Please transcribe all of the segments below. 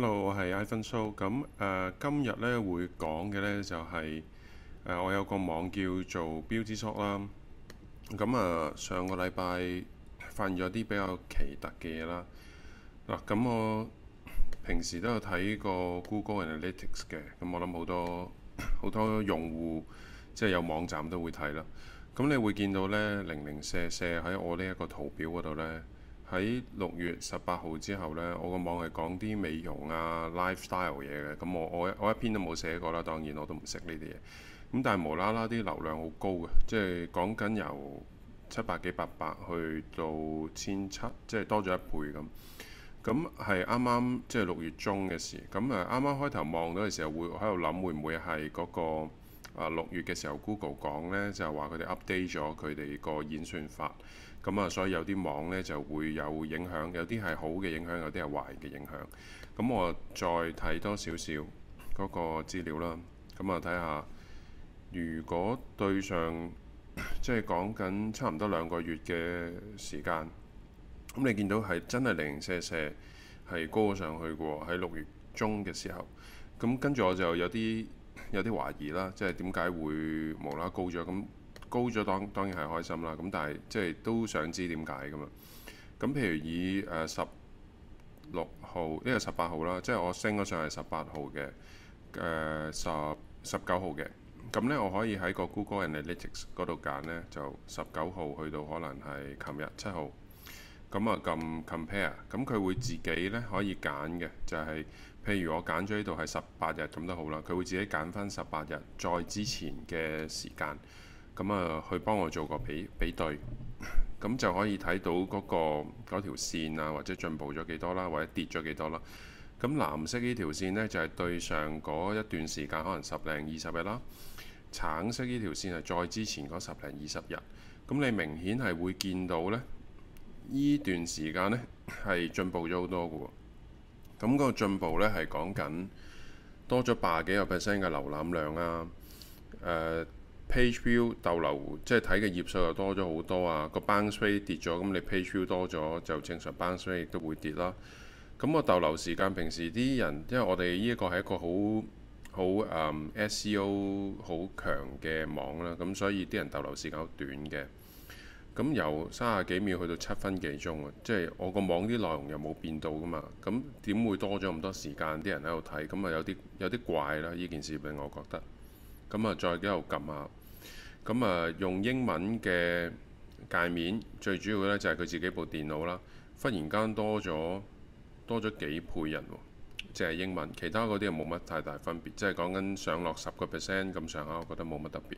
Hello，我係 Ivan So。咁、呃、誒，今日咧會講嘅咧就係、是、誒、呃，我有個網叫做 Buildshot 啦。咁啊、呃，上個禮拜發現咗啲比較奇特嘅嘢啦。嗱，咁我平時都有睇過 Google Analytics 嘅。咁我諗好多好多用戶即係有網站都會睇啦。咁你會見到咧零零舍舍喺我呢一個圖表嗰度咧。喺六月十八號之後呢，我個網係講啲美容啊、lifestyle 嘢嘅，咁我我我一篇都冇寫過啦，當然我都唔識呢啲嘢。咁但係無啦啦啲流量好高嘅，即係講緊由七百幾八百去到千七，即係多咗一倍咁。咁係啱啱即係六月中嘅事，咁啊啱啱開頭望到嘅時候，會喺度諗會唔會係嗰個。啊，六月嘅時候，Google 講呢就係話佢哋 update 咗佢哋個演算法，咁啊，所以有啲網呢就會有影響，有啲係好嘅影響，有啲係壞嘅影響。咁我再睇多少少嗰個資料啦，咁啊睇下，如果對上即係講緊差唔多兩個月嘅時間，咁你見到係真係零零舍舍係高上去喎，喺六月中嘅時候，咁跟住我就有啲。有啲懷疑啦，即係點解會無啦啦高咗？咁高咗，當當然係開心啦。咁但係即係都想知點解㗎嘛。咁譬如以誒十六號，呢個十八號啦，即係我升咗上係十八號嘅，誒十十九號嘅。咁呢，我可以喺個 Google Analytics 嗰度揀呢，就十九號去到可能係琴日七號。咁啊，撳 Compare，咁佢會自己呢可以揀嘅，就係。譬如我揀咗呢度係十八日咁都好啦，佢會自己揀翻十八日再之前嘅時間，咁啊去幫我做個比比對，咁就可以睇到嗰個嗰條線啊，或者進步咗幾多啦，或者跌咗幾多啦。咁藍色呢條線呢，就係對上嗰一段時間，可能十零二十日啦。橙色呢條線係再之前嗰十零二十日，咁你明顯係會見到咧，呢段時間呢，係進步咗好多嘅。咁嗰個進步咧係講緊多咗八十幾個 percent 嘅瀏覽量啊，誒、呃、page view 逗留即係睇嘅頁數又多咗好多啊。個 bounce rate 跌咗，咁你 page view 多咗就正常 bounce rate 亦都會跌啦。咁、那個逗留時間平時啲人因為我哋呢一個係一個好好嗯 SEO 好強嘅網啦，咁所以啲人逗留時間好短嘅。咁、嗯、由三十幾秒去到七分幾鐘啊！即係我個網啲內容又冇變到噶嘛，咁、嗯、點會多咗咁多時間啲人喺度睇？咁啊有啲有啲怪啦！呢件事俾我覺得。咁、嗯、啊再一路撳下。咁、嗯、啊、嗯、用英文嘅界面最主要呢就係佢自己部電腦啦。忽然間多咗多咗幾倍人喎，即係英文。其他嗰啲又冇乜太大分別，即係講緊上落十個 percent 咁上下，我覺得冇乜特別。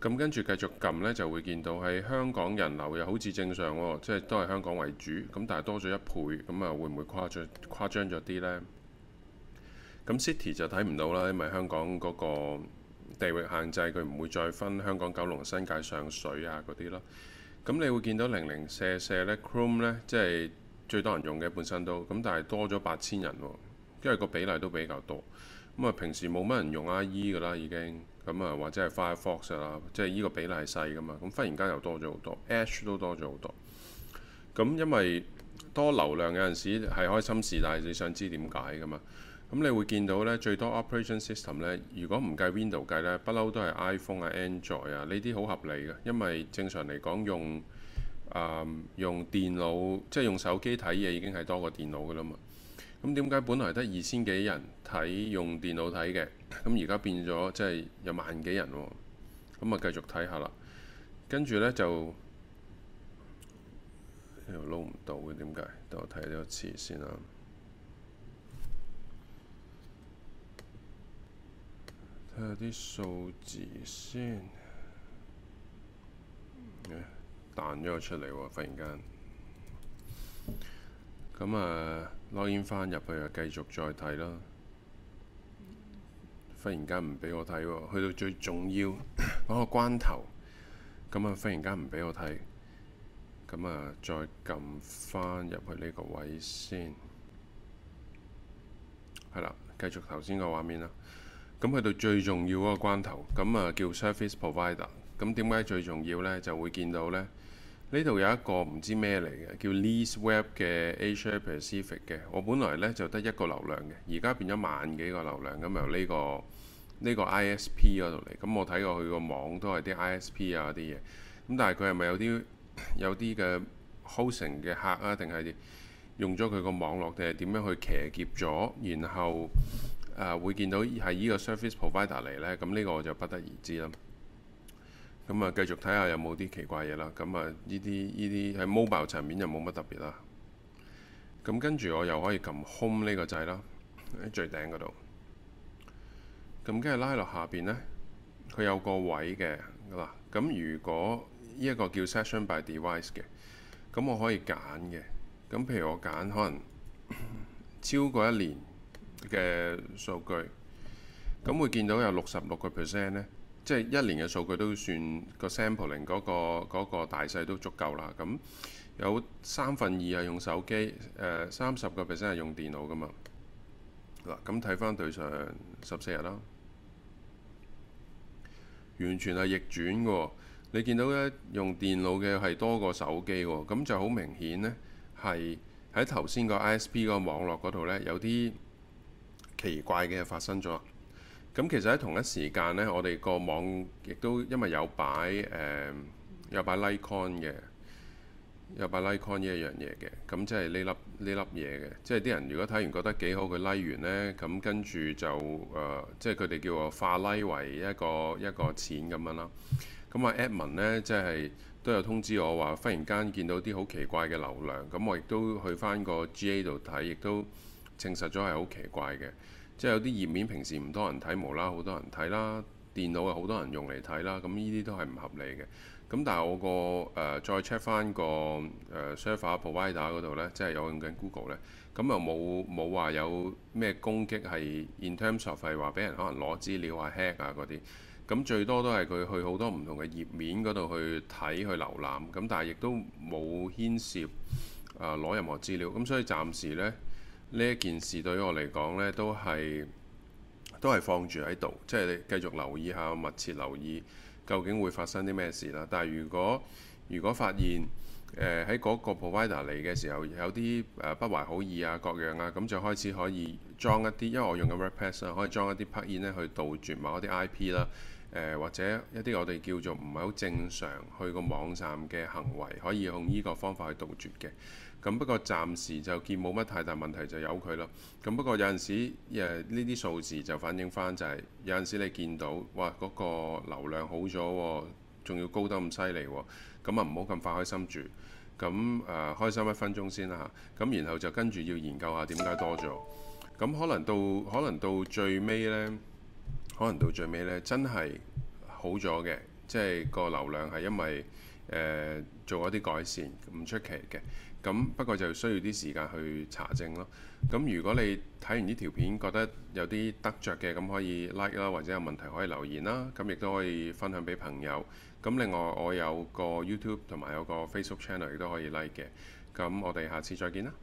咁跟住繼續撳呢，就會見到係香港人流又好似正常喎、哦，即係都係香港為主。咁但係多咗一倍，咁啊會唔會誇張誇張咗啲呢？咁 City 就睇唔到啦，因為香港嗰個地域限制，佢唔會再分香港、九龍、新界、上水啊嗰啲咯。咁你會見到零零舍舍呢 Chrome 呢，即係最多人用嘅本身都咁，但係多咗八千人喎、哦，因為個比例都比較多。咁啊，平時冇乜人用 IE 嘅啦，已經咁啊，或者係 Firefox 啦，即係依個比例係細嘅嘛。咁忽然間又多咗好多，Edge 都多咗好多。咁因為多流量有陣時係開心事，但係你想知點解嘅嘛？咁你會見到咧，最多 Operation System 咧，如果唔計 Window 計咧，不嬲都係 iPhone 啊、Android 啊，呢啲好合理嘅，因為正常嚟講用、呃、用電腦，即係用手機睇嘢已經係多過電腦嘅啦嘛。咁點解本來得二千幾人睇用電腦睇嘅，咁而家變咗即係有萬幾人喎，哦？咁啊繼續睇下啦。跟住呢，就又撈唔到嘅，點解？等我睇下呢個詞先啦。睇下啲數字先。誒彈咗出嚟喎，忽然間。咁啊，拉翻入去啊，繼續再睇咯。忽然間唔俾我睇喎，去到最重要嗰個關頭，咁啊，忽然間唔俾我睇，咁啊，再撳翻入去呢個位先。係啦，繼續頭先個畫面啦。咁去到最重要嗰個關頭，咁啊叫 Surface Provider。咁點解最重要呢？就會見到呢。呢度有一個唔知咩嚟嘅，叫 Lease Web 嘅 Asia Pacific 嘅。我本來呢就得一個流量嘅，而家變咗萬幾個流量咁由呢、這個呢、這個 ISP 嗰度嚟。咁、嗯、我睇過佢個網都係啲 ISP 啊啲嘢。咁、嗯、但係佢係咪有啲有啲嘅 hosting 嘅客啊？定係用咗佢個網絡定係點樣去騎劫咗？然後誒、呃、會見到係呢個 service provider 嚟呢。咁、嗯、呢、這個我就不得而知啦。咁啊，繼續睇下有冇啲奇怪嘢啦。咁啊，呢啲呢啲喺 Mobile 層面又冇乜特別啦。咁跟住我又可以撳 Home 呢個掣啦，喺最頂嗰度。咁跟住拉落下邊呢，佢有個位嘅，嗱，咁如果呢一個叫 Session by Device 嘅，咁我可以揀嘅。咁譬如我揀可能超過一年嘅數據，咁會見到有六十六個 percent 咧。呢即係一年嘅數據都算個 sampling 嗰個，嗰個大細都足夠啦。咁有三分二係用手機，誒，三十個 percent 係用電腦㗎嘛。嗱，咁睇翻對上十四日啦，完全係逆轉嘅。你見到咧，用電腦嘅係多過手機喎，咁就好明顯呢，係喺頭先個 ISP 個網絡嗰度呢，有啲奇怪嘅發生咗。咁其實喺同一時間呢，我哋個網亦都因為有擺誒有擺 LikeCoin 嘅，有擺 LikeCoin 呢一樣嘢嘅，咁即係呢粒呢粒嘢嘅，即係啲人如果睇完覺得幾好，佢 Like 完呢，咁、嗯、跟住就誒、呃，即係佢哋叫我化 Like 為一個一個錢咁樣啦。咁、嗯、啊 Edmond 呢，即係都有通知我話，忽然間見到啲好奇怪嘅流量，咁、嗯、我亦都去翻個 GA 度睇，亦都證實咗係好奇怪嘅。即係有啲頁面平時唔多人睇，無啦好多人睇啦，電腦有好多人用嚟睇啦，咁呢啲都係唔合理嘅。咁但係我、呃、個誒再 check 翻個誒 server provider 嗰度呢，即係有用緊 Google 呢，咁又冇冇話有咩攻擊係 intercept 費話俾人可能攞資料啊 hack 啊嗰啲，咁最多都係佢去好多唔同嘅頁面嗰度去睇去瀏覽，咁但係亦都冇牽涉攞、呃、任何資料，咁、嗯、所以暫時呢。呢一件事對於我嚟講呢，都係都係放住喺度，即係你繼續留意下，密切留意究竟會發生啲咩事啦。但係如果如果發現喺嗰、呃、個 provider 嚟嘅時候有啲、呃、不懷好意啊各樣啊，咁就開始可以裝一啲，因為我用嘅 WordPress 啊，可以裝一啲 packet 呢，去杜絕某啲 IP 啦。誒或者一啲我哋叫做唔係好正常去個網站嘅行為，可以用呢個方法去杜絕嘅。咁不過暫時就見冇乜太大問題，就由佢咯。咁不過有陣時誒呢啲數字就反映翻就係有陣時你見到哇嗰個流量好咗，仲要高得咁犀利，咁啊，唔好咁快開心住。咁誒開心一分鐘先啦嚇。咁然後就跟住要研究下點解多咗。咁可能到可能到最尾呢。可能到最尾咧，真係好咗嘅，即係個流量係因為誒、呃、做一啲改善，唔出奇嘅。咁不過就需要啲時間去查證咯。咁如果你睇完呢條片覺得有啲得着嘅，咁可以 like 啦，或者有問題可以留言啦。咁亦都可以分享俾朋友。咁另外我有個 YouTube 同埋有，有個 Facebook Channel 亦都可以 like 嘅。咁我哋下次再見啦。